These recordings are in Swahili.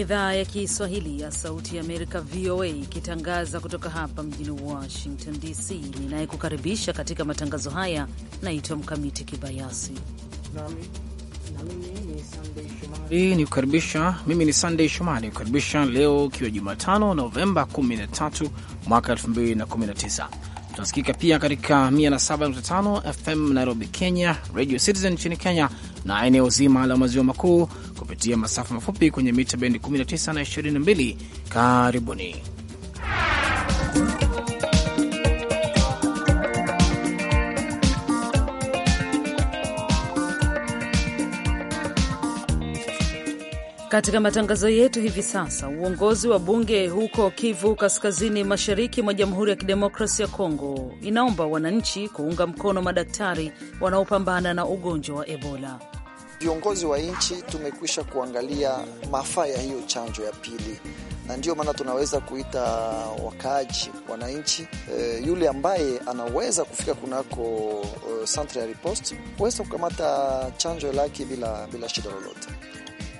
idhaa ya Kiswahili ya Sauti ya Amerika, VOA, ikitangaza kutoka hapa mjini Washington DC. Ninayekukaribisha katika matangazo haya naitwa Mkamiti Kibayasi. Hii ni kukaribisha. Mimi ni Sandey Shomari kukaribisha leo, ikiwa Jumatano Novemba 13 mwaka 2019. Tunasikika pia katika 107.5 FM Nairobi, Kenya, Radio Citizen nchini Kenya na eneo zima la maziwa makuu kupitia masafa mafupi kwenye mita bendi 19 na 22. Karibuni. Katika matangazo yetu hivi sasa, uongozi wa bunge huko Kivu Kaskazini, mashariki mwa Jamhuri ya Kidemokrasia ya Kongo inaomba wananchi kuunga mkono madaktari wanaopambana na ugonjwa wa Ebola. Viongozi wa nchi tumekwisha kuangalia mafaa ya hiyo chanjo ya pili, na ndiyo maana tunaweza kuita wakaaji, wananchi, e, yule ambaye anaweza kufika kunako e, centre ya riposte huweza kukamata chanjo lake bila, bila shida lolote.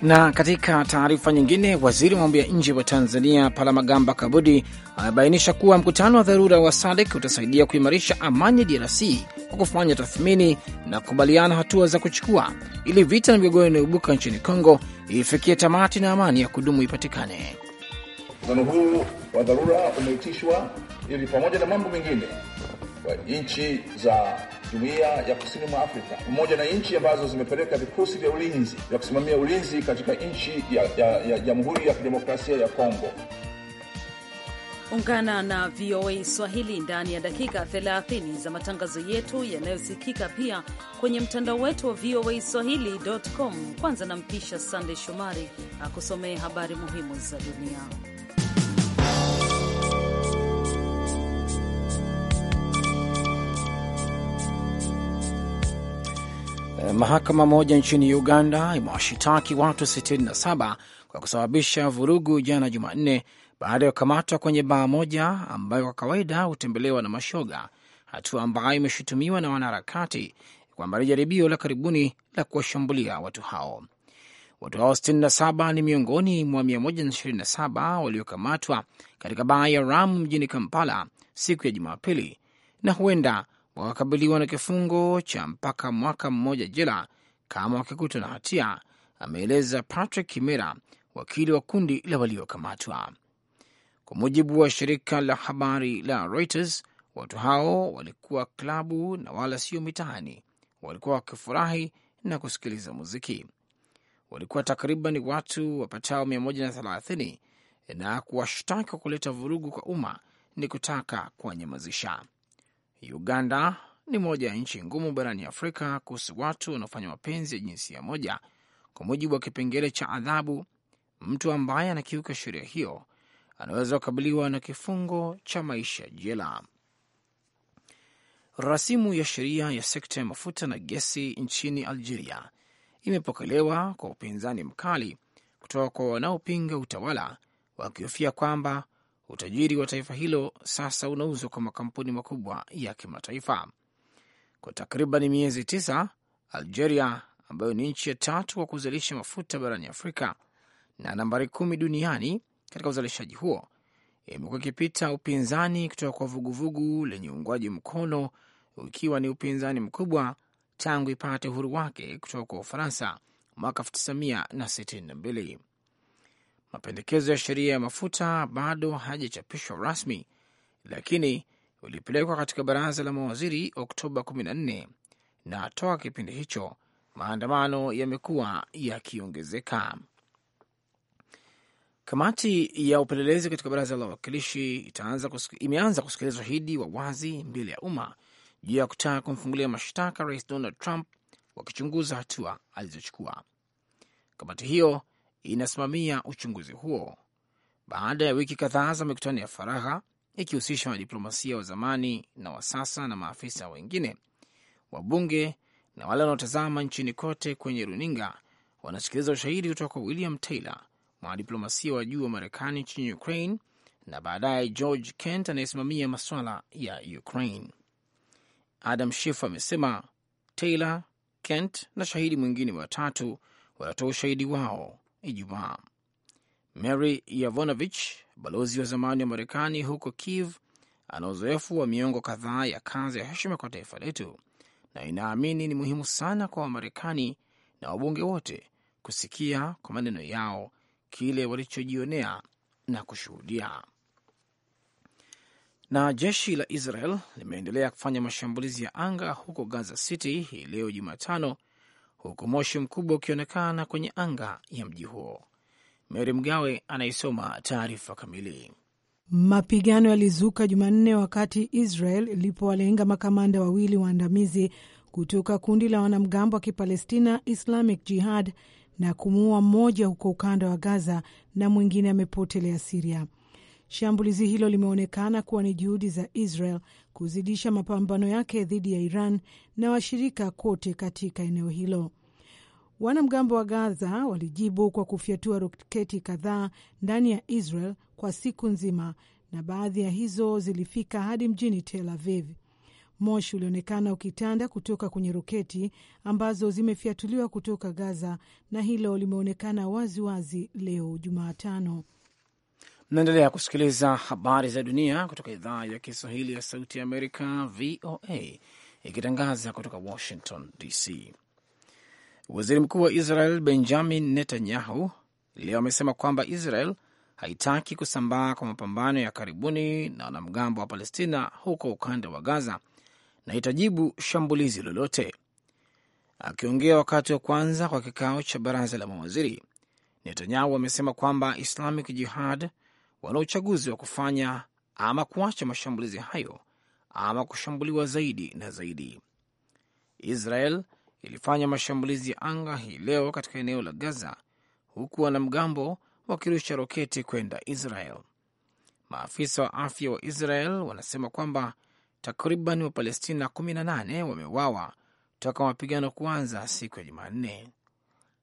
Na katika taarifa nyingine, waziri wa mambo ya nje wa Tanzania Palamagamba Kabudi amebainisha kuwa mkutano wa dharura wa SADC utasaidia kuimarisha amani ya DRC kwa kufanya tathmini na kukubaliana hatua za kuchukua ili vita na migogoro inayoibuka nchini Kongo ifikie tamati na amani ya kudumu ipatikane. Mkutano huu wa dharura umeitishwa ili pamoja na mambo mengine nchi za jumuiya ya kusini mwa Afrika pamoja na nchi ambazo zimepeleka vikosi vya ulinzi vya kusimamia ulinzi katika nchi ya Jamhuri ya, ya Kidemokrasia ya Kongo. Ungana na VOA Swahili ndani ya dakika 30 za matangazo yetu yanayosikika pia kwenye mtandao wetu wa VOA Swahili.com. Kwanza nampisha sandey Shomari akusomee habari muhimu za dunia. Eh, mahakama moja nchini Uganda imewashitaki watu 67 kwa kusababisha vurugu jana Jumanne baada ya kukamatwa kwenye baa moja ambayo kwa kawaida hutembelewa na mashoga, hatua ambayo imeshutumiwa na wanaharakati kwamba ni jaribio la karibuni la kuwashambulia watu hao. Watu hao 67 ni miongoni mwa 127 waliokamatwa katika baa ya Ram mjini Kampala siku ya Jumapili na huenda wakakabiliwa na kifungo cha mpaka mwaka mmoja jela kama wakikutwa na hatia, ameeleza Patrick Kimera, wakili wa kundi la waliokamatwa. Kwa mujibu wa shirika la habari la Reuters, watu hao walikuwa klabu na wala sio mitaani. Walikuwa wakifurahi na kusikiliza muziki. Walikuwa takriban watu wapatao 130 na kuwashtaki kwa kuleta vurugu kwa umma ni kutaka kuwanyamazisha. Uganda ni moja ya nchi ngumu barani Afrika kuhusu watu wanaofanya mapenzi ya jinsia moja. Kwa mujibu wa kipengele cha adhabu, mtu ambaye anakiuka sheria hiyo anaweza kukabiliwa na kifungo cha maisha jela. Rasimu ya sheria ya sekta ya mafuta na gesi nchini Algeria imepokelewa kwa upinzani mkali kutoka kwa wanaopinga utawala wakihofia kwamba utajiri wa taifa hilo sasa unauzwa kwa makampuni makubwa ya kimataifa. Kwa takriban miezi tisa, Algeria ambayo ni nchi ya tatu kwa kuzalisha mafuta barani Afrika na nambari kumi duniani katika uzalishaji huo, imekuwa ikipita upinzani kutoka kwa vuguvugu lenye uungwaji mkono, ukiwa ni upinzani mkubwa tangu ipate uhuru wake kutoka kwa Ufaransa mwaka 1962. Mapendekezo ya sheria ya mafuta bado hajachapishwa rasmi, lakini ulipelekwa katika baraza la mawaziri Oktoba 14 na toka kipindi hicho maandamano yamekuwa yakiongezeka. Kamati ya upelelezi katika baraza la wawakilishi imeanza kusikiliza ushahidi wa wazi mbele ya umma juu ya kutaka kumfungulia mashtaka rais Donald Trump, wakichunguza hatua alizochukua. Kamati hiyo inasimamia uchunguzi huo. Baada ya wiki kadhaa za mikutano ya faragha ikihusisha wadiplomasia wa zamani na wa sasa na maafisa wengine, wabunge na wale wanaotazama nchini kote kwenye runinga wanasikiliza ushahidi kutoka kwa William Taylor, mwanadiplomasia wa juu wa Marekani nchini Ukraine, na baadaye George Kent anayesimamia masuala ya Ukraine. Adam Schiff amesema Taylor, Kent na shahidi mwingine watatu wanatoa ushahidi wao Ijumaa. Mary Yavonovich, balozi wa zamani wa Marekani huko Kiev, ana uzoefu wa miongo kadhaa ya kazi ya heshima kwa taifa letu na inaamini ni muhimu sana kwa Wamarekani na wabunge wote kusikia kwa maneno yao kile walichojionea na kushuhudia. Na jeshi la Israel limeendelea kufanya mashambulizi ya anga huko Gaza City hii leo Jumatano, huku moshi mkubwa ukionekana kwenye anga ya mji huo. Mary Mgawe anaisoma taarifa kamili. Mapigano yalizuka Jumanne wakati Israel ilipowalenga makamanda wawili waandamizi kutoka kundi la wanamgambo wa Kipalestina Islamic Jihad na kumuua mmoja huko ukanda wa Gaza na mwingine amepotelea Siria. Shambulizi hilo limeonekana kuwa ni juhudi za Israel kuzidisha mapambano yake dhidi ya Iran na washirika kote katika eneo hilo. Wanamgambo wa Gaza walijibu kwa kufyatua roketi kadhaa ndani ya Israel kwa siku nzima, na baadhi ya hizo zilifika hadi mjini Tel Aviv. Moshi ulionekana ukitanda kutoka kwenye roketi ambazo zimefyatuliwa kutoka Gaza, na hilo limeonekana waziwazi leo Jumatano. Naendelea kusikiliza habari za dunia kutoka idhaa ya Kiswahili ya Sauti ya Amerika, VOA, ikitangaza kutoka Washington DC. Waziri Mkuu wa Israel Benjamin Netanyahu leo amesema kwamba Israel haitaki kusambaa kwa mapambano ya karibuni na wanamgambo wa Palestina huko ukanda wa Gaza na itajibu shambulizi lolote. Akiongea wakati wa kwanza kwa kikao cha baraza la mawaziri, Netanyahu amesema kwamba Islamic Jihad wana uchaguzi wa kufanya ama kuacha mashambulizi hayo ama kushambuliwa zaidi na zaidi. Israel ilifanya mashambulizi ya anga hii leo katika eneo la Gaza, huku wanamgambo wakirusha roketi kwenda Israel. Maafisa wa afya wa Israel wanasema kwamba takriban Wapalestina 18 wameuawa toka mapigano kuanza siku ya Jumanne.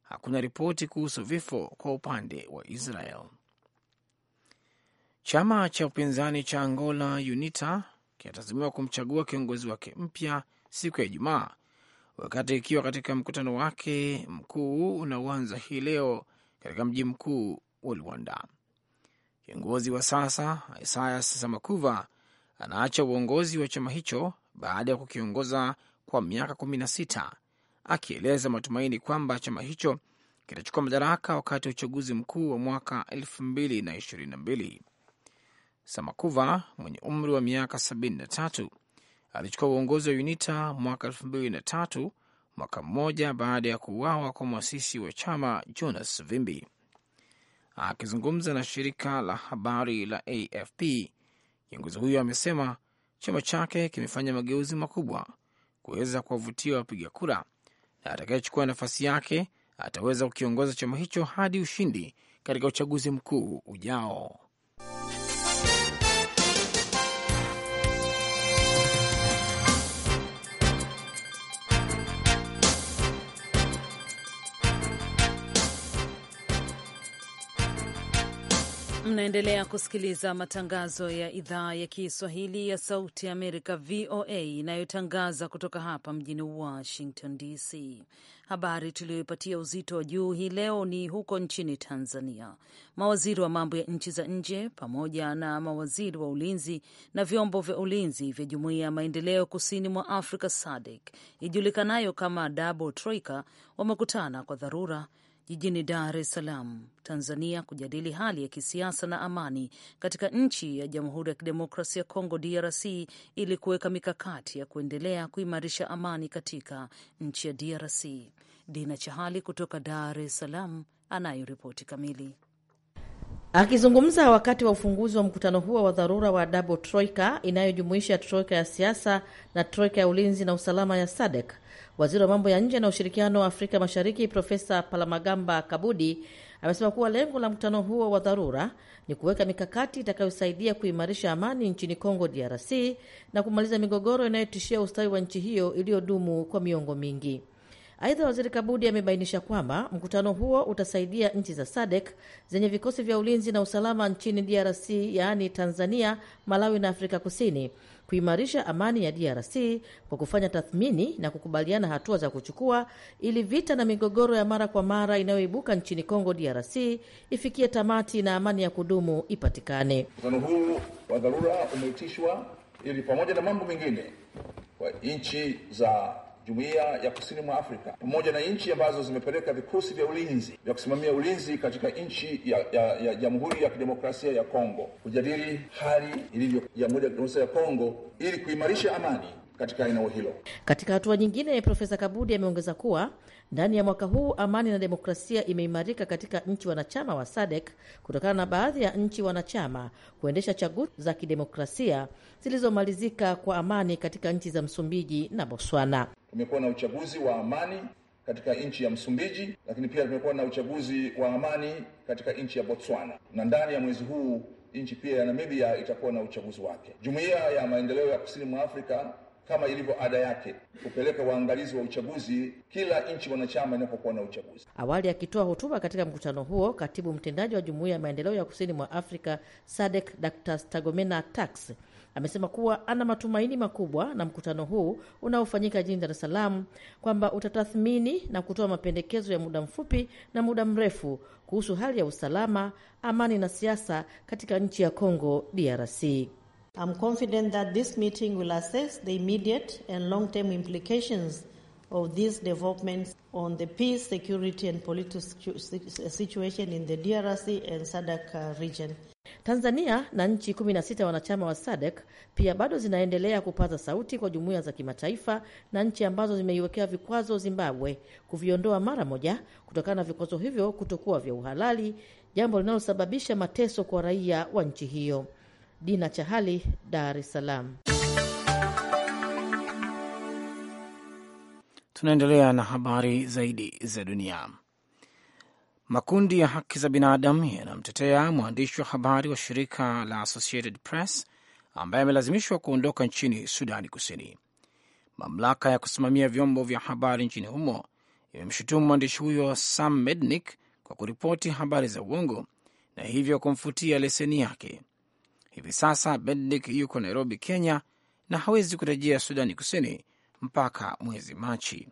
Hakuna ripoti kuhusu vifo kwa upande wa Israel. Chama cha upinzani cha Angola UNITA kinatazamiwa kumchagua kiongozi wake mpya siku ya Ijumaa, wakati ikiwa katika mkutano wake mkuu unaoanza hii leo katika mji mkuu wa Luanda. Kiongozi wa sasa Isaias Samakuva anaacha uongozi wa chama hicho baada ya kukiongoza kwa miaka kumi na sita, akieleza matumaini kwamba chama hicho kitachukua madaraka wakati wa uchaguzi mkuu wa mwaka elfu mbili na ishirini na mbili. Samakuva mwenye umri wa miaka 73 alichukua uongozi wa UNITA mwaka 23 mwaka mmoja baada ya kuuawa kwa mwasisi wa chama Jonas Savimbi. Akizungumza na shirika la habari la AFP, kiongozi huyo amesema chama chake kimefanya mageuzi makubwa kuweza kuwavutia wapiga kura na atakayechukua nafasi yake ataweza kukiongoza chama hicho hadi ushindi katika uchaguzi mkuu ujao. Mnaendelea kusikiliza matangazo ya idhaa ya Kiswahili ya Sauti ya Amerika, VOA, inayotangaza kutoka hapa mjini Washington DC. Habari tuliyoipatia uzito wa juu hii leo ni huko nchini Tanzania. Mawaziri wa mambo ya nchi za nje pamoja na mawaziri wa ulinzi na vyombo vya ulinzi vya Jumuiya ya Maendeleo Kusini mwa Afrika, SADC, ijulikanayo kama Dabo Troika, wamekutana kwa dharura jijini Dar es Salaam, Tanzania, kujadili hali ya kisiasa na amani katika nchi ya Jamhuri ya Kidemokrasia ya Kongo, DRC, ili kuweka mikakati ya kuendelea kuimarisha amani katika nchi ya DRC. Dina Chahali kutoka Dar es Salaam anayo ripoti kamili. Akizungumza wakati wa ufunguzi wa mkutano huo wa dharura wa Dabo Troika inayojumuisha troika ya siasa na troika ya ulinzi na usalama ya SADC, waziri wa mambo ya nje na ushirikiano wa Afrika Mashariki Profesa Palamagamba Kabudi amesema kuwa lengo la mkutano huo wa dharura ni kuweka mikakati itakayosaidia kuimarisha amani nchini Kongo DRC na kumaliza migogoro inayotishia ustawi wa nchi hiyo iliyodumu kwa miongo mingi. Aidha, waziri Kabudi amebainisha kwamba mkutano huo utasaidia nchi za sadek zenye vikosi vya ulinzi na usalama nchini DRC, yaani Tanzania, Malawi na Afrika Kusini kuimarisha amani ya DRC kwa kufanya tathmini na kukubaliana hatua za kuchukua ili vita na migogoro ya mara kwa mara inayoibuka nchini Kongo DRC ifikie tamati na amani ya kudumu ipatikane. Mkutano huu wa dharura umeitishwa ili pamoja na mambo mengine kwa nchi za jumuiya ya kusini mwa Afrika pamoja na nchi ambazo zimepeleka vikosi vya ulinzi vya kusimamia ulinzi katika nchi ya Jamhuri ya, ya, ya Kidemokrasia ya Kongo kujadili hali ilivyo Jamhuri ya Kidemokrasia ya Kongo ili kuimarisha amani katika eneo hilo. Katika hatua nyingine, Profesa Kabudi ameongeza kuwa ndani ya mwaka huu amani na demokrasia imeimarika katika nchi wanachama wa SADC kutokana na baadhi ya nchi wanachama kuendesha chaguzi za kidemokrasia zilizomalizika kwa amani katika nchi za Msumbiji na Botswana. Tumekuwa na uchaguzi wa amani katika nchi ya Msumbiji, lakini pia tumekuwa na uchaguzi wa amani katika nchi ya Botswana, na ndani ya mwezi huu nchi pia ya Namibia itakuwa na uchaguzi wake. Jumuiya ya maendeleo ya kusini mwa Afrika kama ilivyo ada yake kupeleka waangalizi wa uchaguzi kila nchi wanachama inapokuwa na uchaguzi. Awali akitoa hotuba katika mkutano huo, katibu mtendaji wa Jumuiya ya Maendeleo ya Kusini mwa Afrika SADC Dr. Stagomena Tax amesema kuwa ana matumaini makubwa na mkutano huu unaofanyika jijini Dar es Salaam kwamba utatathmini na kutoa mapendekezo ya muda mfupi na muda mrefu kuhusu hali ya usalama, amani na siasa katika nchi ya congo DRC. I'm confident that this meeting will assess the immediate and long-term implications of these developments on the peace, security and political situation in the DRC and SADC uh, region. Tanzania na nchi 16 wanachama wa SADC pia bado zinaendelea kupaza sauti kwa jumuiya za kimataifa na nchi ambazo zimeiwekea vikwazo Zimbabwe kuviondoa mara moja kutokana na vikwazo hivyo kutokuwa vya uhalali, jambo linalosababisha mateso kwa raia wa nchi hiyo. Dina Chahali, Dar es Salaam. Tunaendelea na habari zaidi za dunia. Makundi ya haki za binadamu yanamtetea mwandishi wa habari wa shirika la Associated Press ambaye amelazimishwa kuondoka nchini Sudani Kusini. Mamlaka ya kusimamia vyombo vya habari nchini humo imemshutumu mwandishi huyo Sam Mednick kwa kuripoti habari za uongo na hivyo kumfutia leseni yake. Hivi sasa Bendik yuko Nairobi, Kenya, na hawezi kurejea Sudani Kusini mpaka mwezi Machi.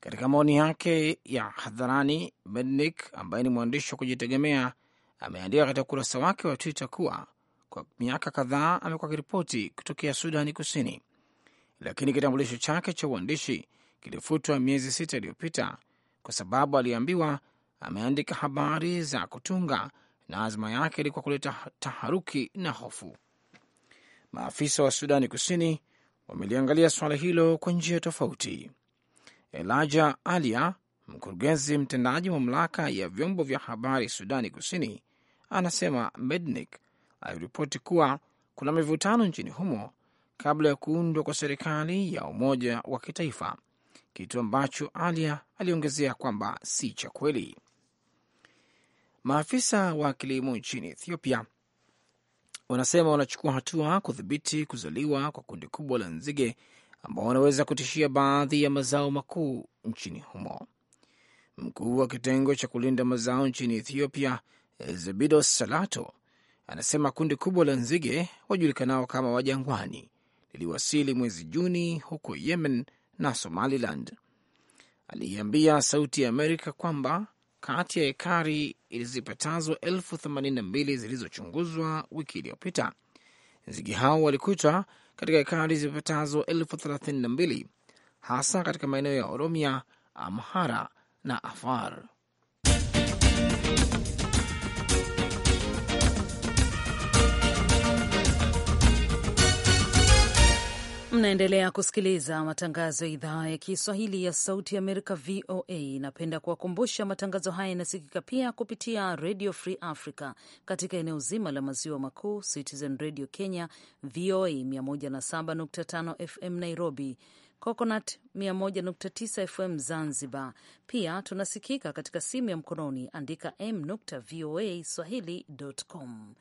Katika maoni yake ya hadharani, Bendik ambaye ni mwandishi wa kujitegemea ameandika katika ukurasa wake wa Twitter kuwa kwa miaka kadhaa amekuwa akiripoti kutokea Sudani Kusini, lakini kitambulisho chake cha uandishi kilifutwa miezi sita iliyopita kwa sababu aliambiwa ameandika habari za kutunga na azma yake ilikuwa kuleta taharuki na hofu. Maafisa wa Sudani Kusini wameliangalia suala hilo kwa njia tofauti. Elaja Alia, mkurugenzi mtendaji wa mamlaka ya vyombo vya habari Sudani Kusini, anasema Mednik aliripoti kuwa kuna mivutano nchini humo kabla ya kuundwa kwa serikali ya umoja wa kitaifa, kitu ambacho Alia aliongezea kwamba si cha kweli. Maafisa wa kilimo nchini Ethiopia wanasema wanachukua hatua kudhibiti kuzaliwa kwa kundi kubwa la nzige ambao wanaweza kutishia baadhi ya mazao makuu nchini humo. Mkuu wa kitengo cha kulinda mazao nchini Ethiopia, Zebidos Salato, anasema kundi kubwa la nzige wajulikanao kama wajangwani liliwasili mwezi Juni huko Yemen na Somaliland. Aliiambia Sauti ya Amerika kwamba kati ya ekari zipatazo elfu themanini na mbili zilizochunguzwa wiki iliyopita. Nzige hao walikutwa katika ekari zipatazo elfu thelathini na mbili hasa katika maeneo ya Oromia, Amhara na Afar. Mnaendelea kusikiliza matangazo ya idhaa ya Kiswahili ya Sauti Amerika, VOA. inapenda kuwakumbusha matangazo haya yanasikika pia kupitia Radio Free Africa katika eneo zima la maziwa makuu, Citizen Radio Kenya, VOA 107.5 FM Nairobi, Coconut 101.9 FM Zanzibar. Pia tunasikika katika simu ya mkononi, andika m.voa voa swahili.com.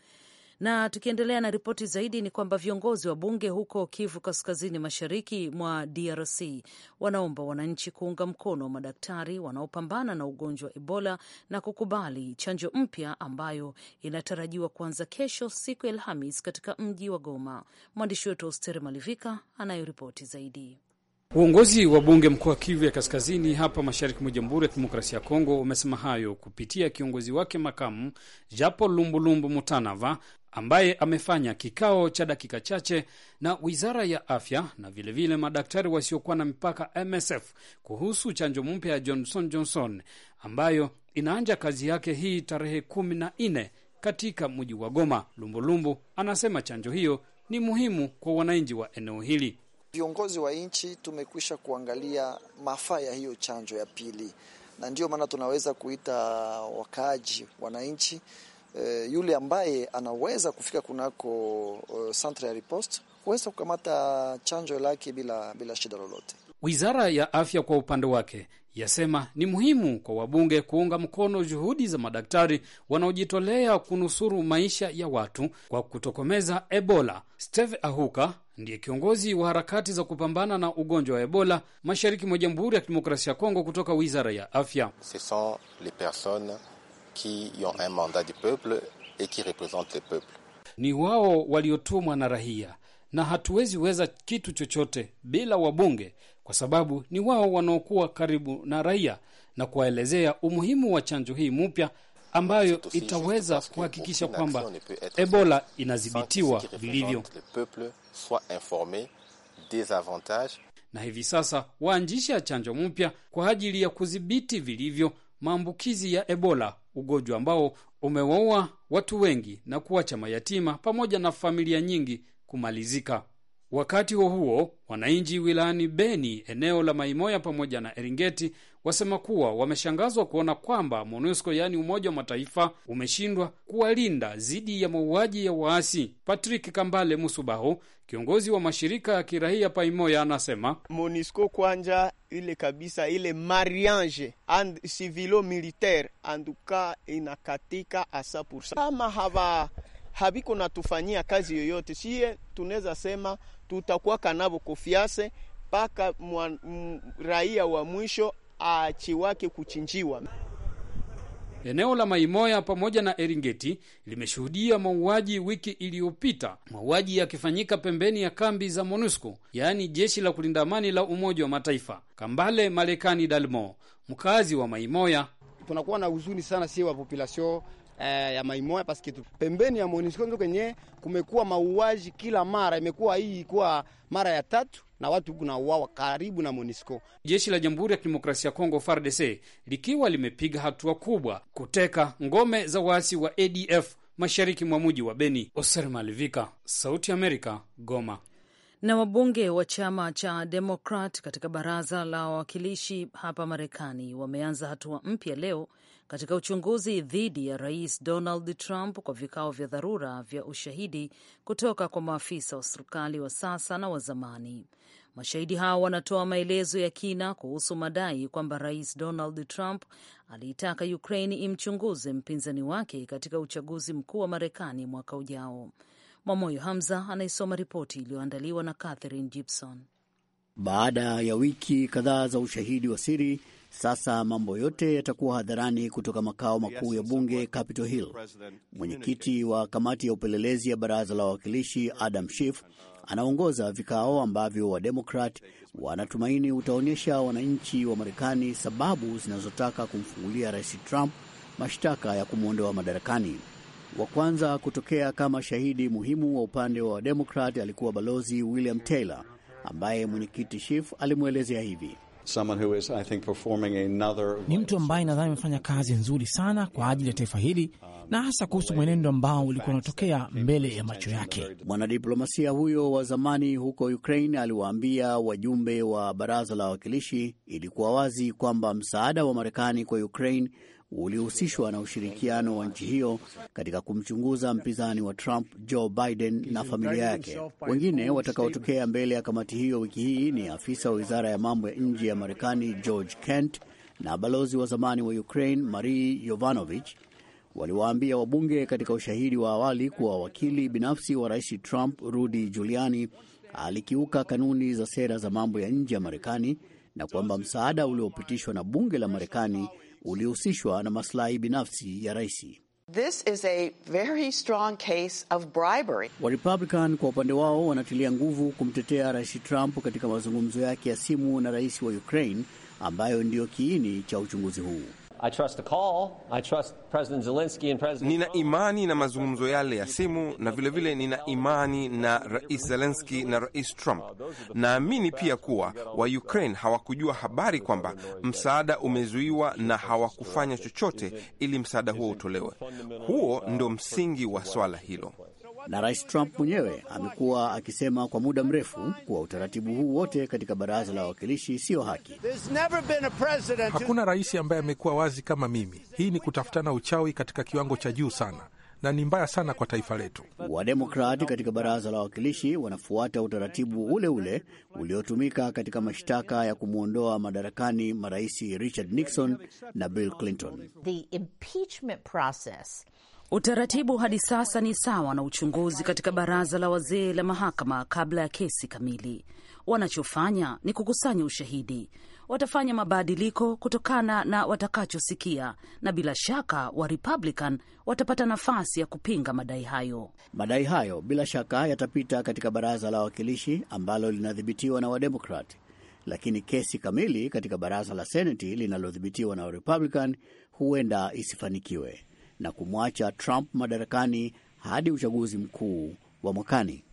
Na tukiendelea na ripoti zaidi, ni kwamba viongozi wa bunge huko Kivu Kaskazini, mashariki mwa DRC wanaomba wananchi kuunga mkono madaktari wanaopambana na ugonjwa wa Ebola na kukubali chanjo mpya ambayo inatarajiwa kuanza kesho, siku ya Alhamis, katika mji wa Goma. Mwandishi wetu Oster Malivika anayoripoti zaidi. Uongozi wa bunge mkuu wa Kivu ya Kaskazini hapa mashariki mwa Jamhuri ya Kidemokrasia ya Kongo umesema hayo kupitia kiongozi wake makamu Japo Lumbulumbu Mutanava ambaye amefanya kikao cha dakika chache na wizara ya afya na vilevile vile madaktari wasiokuwa na mipaka MSF kuhusu chanjo mpya ya Johnson Johnson ambayo inaanja kazi yake hii tarehe kumi na nne katika mji wa Goma Lumbulumbu. Anasema chanjo hiyo ni muhimu kwa wananchi wa eneo hili. Viongozi wa nchi tumekwisha kuangalia mafaa ya hiyo chanjo ya pili, na ndiyo maana tunaweza kuita wakaaji, wananchi eh, yule ambaye anaweza kufika kunako eh, centre ya riposte kuweza kukamata chanjo lake bila, bila shida lolote. Wizara ya afya kwa upande wake yasema ni muhimu kwa wabunge kuunga mkono juhudi za madaktari wanaojitolea kunusuru maisha ya watu kwa kutokomeza Ebola. Steve Ahuka ndiye kiongozi wa harakati za kupambana na ugonjwa wa Ebola mashariki mwa Jamhuri ya Kidemokrasia ya Kongo kutoka Wizara ya Afya. Ce sont les personnes qui ont un mandat du peuple et qui représentent le peuple. Ni wao waliotumwa na rahia, na hatuwezi weza kitu chochote bila wabunge, kwa sababu ni wao wanaokuwa karibu na raia na kuwaelezea umuhimu wa chanjo hii mpya ambayo itaweza kuhakikisha kwamba Ebola inadhibitiwa vilivyo. Na hivi sasa waanzisha chanjo mpya kwa ajili ya kudhibiti vilivyo maambukizi ya Ebola ugonjwa ambao umewaua watu wengi na kuacha mayatima pamoja na familia nyingi kumalizika. Wakati huo huo, wananchi wilayani Beni, eneo la Maimoya pamoja na Eringeti wasema kuwa wameshangazwa kuona kwamba MONUSCO yaani Umoja wa Mataifa umeshindwa kuwalinda dhidi ya mauaji ya waasi. Patrick Kambale Musubahu, kiongozi wa mashirika ya kiraia Paimoya, anasema MONUSCO kwanja ile kabisa ile mariange and civilo militaire anduka inakatika asa pursa kama hava haviko natufanyia kazi yoyote, siye tunaweza sema tutakuwa kanavo kofiase mpaka raia wa mwisho wake kuchinjiwa. Eneo la Maimoya pamoja na Eringeti limeshuhudia mauaji wiki iliyopita, mauaji yakifanyika pembeni ya kambi za MONUSCO, yaani jeshi la kulinda amani la Umoja wa Mataifa. Kambale Marekani Dalmo, mkazi wa Maimoya: tunakuwa na huzuni sana sie wa populasio eh, ya Maimoya paske pembeni ya MONUSCO ndo kwenye kumekuwa mauaji kila mara, imekuwa hii ikuwa mara ya tatu na watu kuna uawa karibu na Monisco. Jeshi la Jamhuri ya Kidemokrasia ya Kongo FARDC likiwa limepiga hatua kubwa kuteka ngome za waasi wa ADF mashariki mwa muji wa Beni. Oser Malivika, Sauti ya Amerika, Goma. Na wabunge wa chama cha Demokrat katika baraza la wawakilishi hapa Marekani wameanza hatua mpya leo katika uchunguzi dhidi ya Rais Donald Trump kwa vikao vya dharura vya ushahidi kutoka kwa maafisa wa serikali wa sasa na wa zamani. Mashahidi hao wanatoa maelezo ya kina kuhusu madai kwamba Rais Donald Trump aliitaka Ukraine imchunguze mpinzani wake katika uchaguzi mkuu wa Marekani mwaka ujao. Mwamoyo Hamza anaisoma ripoti iliyoandaliwa na Catherine Gibson. Baada ya wiki kadhaa za ushahidi wa siri sasa mambo yote yatakuwa hadharani kutoka makao makuu ya bunge Capitol Hill. Mwenyekiti wa kamati ya upelelezi ya baraza la wawakilishi Adam Schiff anaongoza vikao ambavyo Wademokrat wanatumaini utaonyesha wananchi wa Marekani sababu zinazotaka kumfungulia Rais Trump mashtaka ya kumwondoa madarakani. Wa kwanza kutokea kama shahidi muhimu wa upande wa Wademokrat alikuwa Balozi William Taylor ambaye mwenyekiti Schiff alimwelezea hivi: Who is, I think, another... ni mtu ambaye nadhani amefanya kazi nzuri sana kwa ajili ya taifa hili na hasa kuhusu mwenendo ambao ulikuwa unatokea mbele ya macho yake. Mwanadiplomasia huyo wa zamani huko Ukraine aliwaambia wajumbe wa baraza la wawakilishi, ilikuwa wazi kwamba msaada wa Marekani kwa Ukraine uliohusishwa na ushirikiano wa nchi hiyo katika kumchunguza mpinzani wa Trump Joe Biden na familia yake. Wengine watakaotokea mbele ya kamati hiyo wiki hii ni afisa wa wizara ya mambo ya nje ya Marekani George Kent na balozi wa zamani wa Ukraine Marie Yovanovich waliwaambia wabunge katika ushahidi wa awali kuwa wakili binafsi wa rais Trump Rudy Giuliani alikiuka kanuni za sera za mambo ya nje ya Marekani na kwamba msaada uliopitishwa na bunge la Marekani uliohusishwa na maslahi binafsi ya rais. This is a very strong case of bribery. Wa Republican kwa upande wao wanatilia nguvu kumtetea Rais Trump katika mazungumzo yake ya simu na rais wa Ukraine ambayo ndiyo kiini cha uchunguzi huu. Nina imani na mazungumzo yale ya simu na vilevile vile nina imani na Rais Zelenski na Rais Trump. Naamini pia kuwa wa Ukraine hawakujua habari kwamba msaada umezuiwa na hawakufanya chochote ili msaada huo utolewe. Huo ndio msingi wa swala hilo na Rais Trump mwenyewe amekuwa akisema kwa muda mrefu kuwa utaratibu huu wote katika baraza la wawakilishi siyo haki. Hakuna rais ambaye amekuwa wazi kama mimi. Hii ni kutafutana uchawi katika kiwango cha juu sana na ni mbaya sana kwa taifa letu. Wademokrati katika baraza la wawakilishi wanafuata utaratibu ule ule uliotumika katika mashtaka ya kumwondoa madarakani marais Richard Nixon na Bill Clinton. The impeachment process Utaratibu hadi sasa ni sawa na uchunguzi katika baraza la wazee la mahakama kabla ya kesi kamili. Wanachofanya ni kukusanya ushahidi. Watafanya mabadiliko kutokana na watakachosikia, na bila shaka wa Republican watapata nafasi ya kupinga madai hayo. Madai hayo bila shaka yatapita katika baraza la wawakilishi ambalo linadhibitiwa na Wademokrat, lakini kesi kamili katika baraza la Seneti linalodhibitiwa na Warepublican huenda isifanikiwe na kumwacha Trump madarakani hadi uchaguzi mkuu wa mwakani.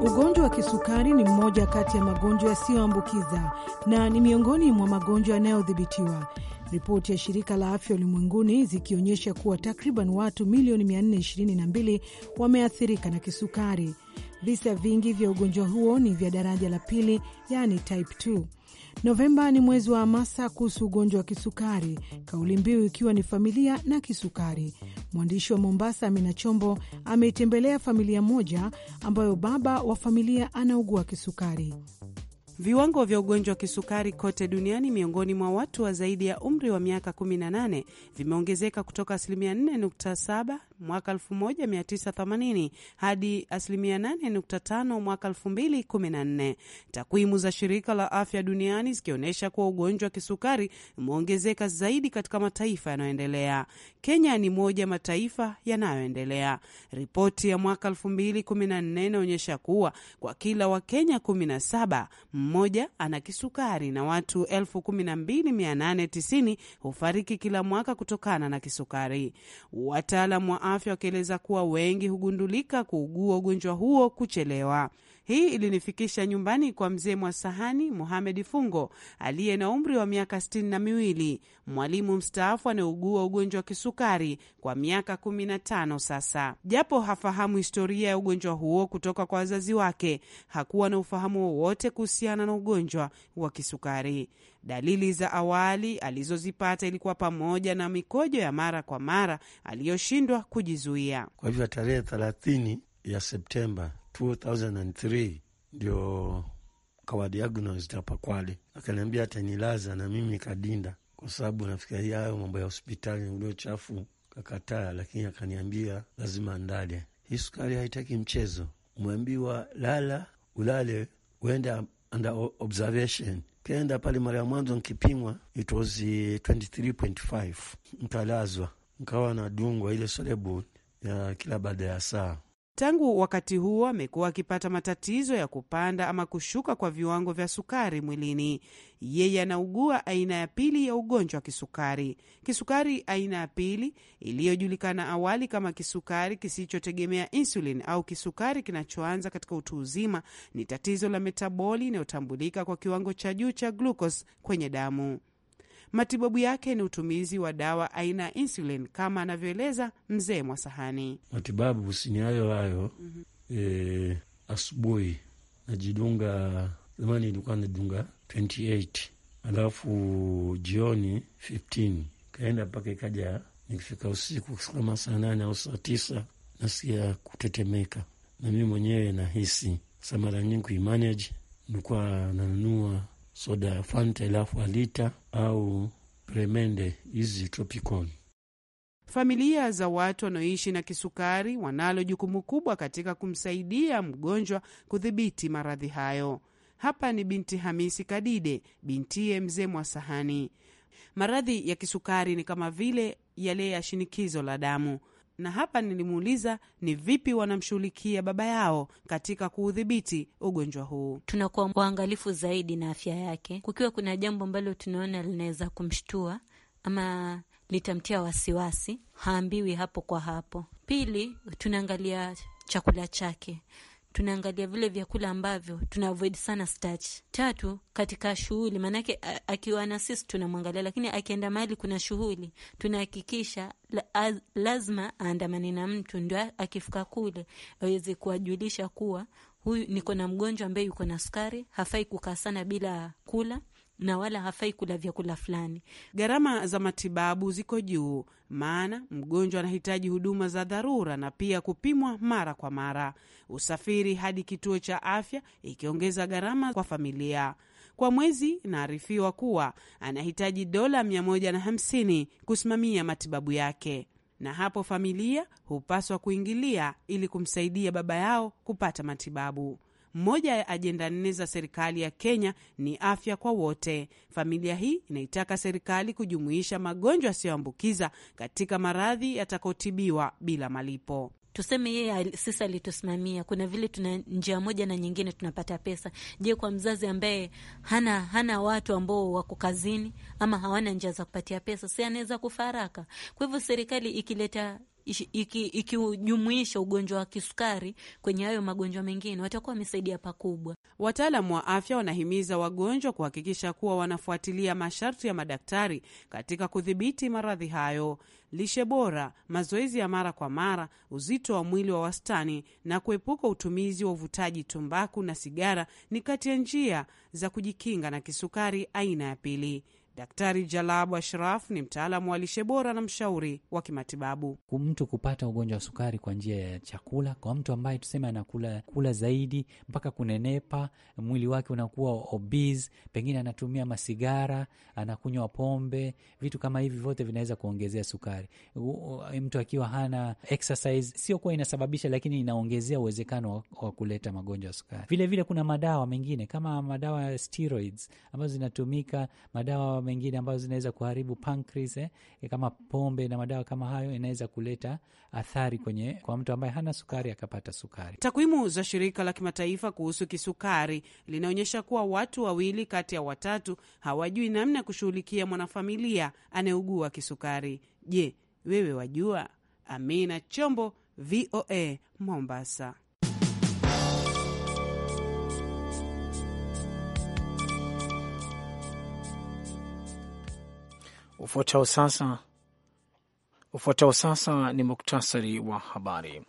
Ugonjwa wa kisukari ni mmoja kati ya magonjwa yasiyoambukiza na ni miongoni mwa magonjwa yanayodhibitiwa ripoti ya shirika la afya ulimwenguni zikionyesha kuwa takriban watu milioni 422 wameathirika na kisukari. Visa vingi vya ugonjwa huo ni vya daraja la pili, yani type 2. Novemba ni mwezi wa hamasa kuhusu ugonjwa wa kisukari, kauli mbiu ikiwa ni familia na kisukari. Mwandishi wa Mombasa Amina Chombo ameitembelea familia moja ambayo baba wa familia anaugua kisukari. Viwango vya ugonjwa wa kisukari kote duniani miongoni mwa watu wa zaidi ya umri wa miaka 18 vimeongezeka kutoka asilimia 4.7 mwaka 1980 hadi asilimia 8.5 mwaka 2014, takwimu za shirika la afya duniani zikionyesha kuwa ugonjwa wa kisukari umeongezeka zaidi katika mataifa yanayoendelea. Kenya ni moja mataifa yanayoendelea. Ripoti ya mwaka 2014 inaonyesha kuwa kwa kila Wakenya 17 mmoja ana kisukari na watu 12890 hufariki kila mwaka kutokana na kisukari. Wataalamu wa afya wakieleza kuwa wengi hugundulika kuugua ugonjwa huo kuchelewa. Hii ilinifikisha nyumbani kwa mzee Mwasahani muhamed Fungo aliye na umri wa miaka sitini na miwili, mwalimu mstaafu anayeugua ugonjwa wa kisukari kwa miaka kumi na tano sasa. Japo hafahamu historia ya ugonjwa huo kutoka kwa wazazi wake, hakuwa na ufahamu wowote kuhusiana na ugonjwa wa kisukari. Dalili za awali alizozipata ilikuwa pamoja na mikojo ya mara kwa mara aliyoshindwa kujizuia. Kwa hivyo tarehe thelathini ya Septemba 2003 ndio kawadiagnosed hapa Kwale, akaniambia atanilaza na mimi kadinda kwa sababu nafikiria hayo mambo ya hospitali ulio chafu, kakataa. Lakini akaniambia lazima ndale, hii sukari haitaki mchezo, umeambiwa lala ulale, uende under observation. Kenda pale mara ya mwanzo nkipimwa, it was 23.5 eh, nkalazwa, nkawa nadungwa ile solebu ya kila baada ya saa Tangu wakati huo amekuwa akipata matatizo ya kupanda ama kushuka kwa viwango vya sukari mwilini. Yeye anaugua aina ya pili ya ugonjwa wa kisukari. Kisukari aina ya pili iliyojulikana awali kama kisukari kisichotegemea insulin au kisukari kinachoanza katika utu uzima ni tatizo la metaboli inayotambulika kwa kiwango cha juu cha glucose kwenye damu. Matibabu yake ni utumizi wa dawa aina ya insulin kama anavyoeleza mzee Mwasahani. Matibabu ni hayo hayo. mm -hmm. E, asubuhi najidunga, zamani ilikuwa najidunga 28 alafu jioni 15 kaenda mpaka ikaja nikifika usiku kama saa nane au saa tisa nasikia kutetemeka na mimi mwenyewe nahisi sa, mara nyingi kuimanage nilikuwa nanunua soda ya Fanta alafu alita au premende hizi tropicon. Familia za watu wanaoishi na kisukari wanalo jukumu kubwa katika kumsaidia mgonjwa kudhibiti maradhi hayo. Hapa ni binti Hamisi Kadide, bintiye mzee Mwasahani. Maradhi ya kisukari ni kama vile yale ya shinikizo la damu na hapa nilimuuliza ni vipi wanamshughulikia baba yao katika kuudhibiti ugonjwa huu. Tunakuwa waangalifu zaidi na afya yake, kukiwa kuna jambo ambalo tunaona linaweza kumshtua ama litamtia wasiwasi, haambiwi hapo kwa hapo. Pili, tunaangalia chakula chake tunaangalia vile vyakula ambavyo tuna avoid sana starch. Tatu, katika shughuli, maanake akiwa na sisi tunamwangalia, lakini akienda mahali kuna shughuli, tunahakikisha la, lazima aandamane na mtu, ndio akifika kule aweze kuwajulisha kuwa huyu niko na mgonjwa ambaye yuko na sukari, hafai kukaa sana bila kula na wala hafai kula vyakula fulani. Gharama za matibabu ziko juu, maana mgonjwa anahitaji huduma za dharura na pia kupimwa mara kwa mara, usafiri hadi kituo cha afya, ikiongeza gharama kwa familia. Kwa mwezi naarifiwa kuwa anahitaji dola 150 kusimamia matibabu yake, na hapo familia hupaswa kuingilia ili kumsaidia baba yao kupata matibabu. Moja ya ajenda nne za serikali ya Kenya ni afya kwa wote. Familia hii inaitaka serikali kujumuisha magonjwa yasiyoambukiza katika maradhi yatakaotibiwa bila malipo. Tuseme yeye sisi alitusimamia, kuna vile tuna njia moja na nyingine tunapata pesa. Je, kwa mzazi ambaye hana hana watu ambao wako kazini ama hawana njia za kupatia pesa, si anaweza kufaraka? Kwa hivyo serikali ikileta ikijumuisha iki ugonjwa wa kisukari kwenye hayo magonjwa mengine, watakuwa wamesaidia pakubwa. wataalamu wa afya wanahimiza wagonjwa kuhakikisha kuwa wanafuatilia masharti ya madaktari katika kudhibiti maradhi hayo: lishe bora, mazoezi ya mara kwa mara, uzito wa mwili wa wastani na kuepuka utumizi wa uvutaji tumbaku na sigara ni kati ya njia za kujikinga na kisukari aina ya pili. Daktari Jalabu Ashraf ni mtaalamu wa lishe bora na mshauri wa kimatibabu. Mtu kupata ugonjwa wa sukari kwa njia ya chakula, kwa mtu ambaye tuseme anakula kula zaidi mpaka kunenepa, mwili wake unakuwa obese, pengine anatumia masigara, anakunywa pombe, vitu kama hivi vyote vinaweza kuongezea sukari. Mtu akiwa hana exercise, sio kuwa inasababisha, lakini inaongezea uwezekano wa kuleta magonjwa ya sukari. Vilevile kuna madawa mengine kama madawa ya steroids ambazo zinatumika, madawa mengine ambazo zinaweza kuharibu pancreas, eh, eh, kama pombe na madawa kama hayo inaweza kuleta athari kwenye kwa mtu ambaye hana sukari akapata sukari. Takwimu za shirika la kimataifa kuhusu kisukari linaonyesha kuwa watu wawili kati ya watatu hawajui namna ya kushughulikia mwanafamilia anayeugua kisukari. Je, wewe wajua? Amina Chombo, VOA, Mombasa. Ufuatao sasa, ufuatao sasa ni muktasari wa habari.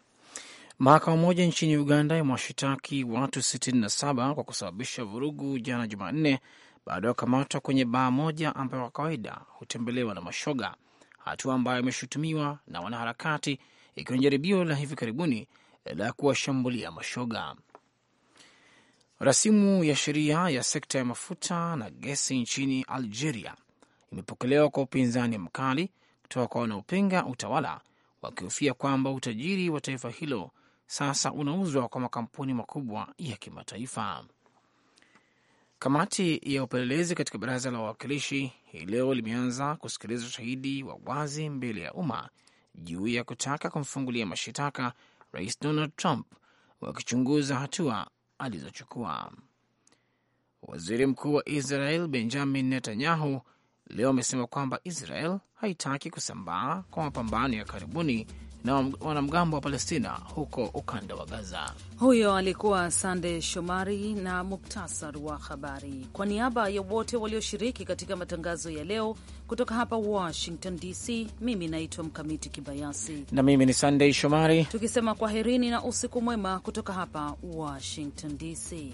Mahakama moja nchini Uganda imewashitaki watu 67 kwa kusababisha vurugu jana Jumanne baada ya kukamatwa kwenye baa moja ambayo kwa kawaida hutembelewa na mashoga, hatua ambayo imeshutumiwa na wanaharakati ikiwa jaribio la hivi karibuni la kuwashambulia mashoga. Rasimu ya sheria ya sekta ya mafuta na gesi nchini Algeria imepokelewa kwa upinzani mkali kutoka kwa wanaopinga utawala, wakihofia kwamba utajiri wa taifa hilo sasa unauzwa kwa makampuni makubwa ya kimataifa. Kamati ya upelelezi katika baraza la wawakilishi hii leo limeanza kusikiliza ushahidi wa wazi mbele ya umma juu ya kutaka kumfungulia mashitaka Rais Donald Trump, wakichunguza hatua alizochukua. Waziri Mkuu wa Israel Benjamin Netanyahu leo amesema kwamba Israel haitaki kusambaa kwa mapambano ya karibuni na wanamgambo wa Palestina huko ukanda wa Gaza. Huyo alikuwa Sande Shomari na muktasar wa habari. Kwa niaba ya wote walioshiriki katika matangazo ya leo kutoka hapa Washington DC, mimi naitwa Mkamiti Kibayasi na mimi ni Sandey Shomari, tukisema kwaherini na usiku mwema kutoka hapa Washington DC.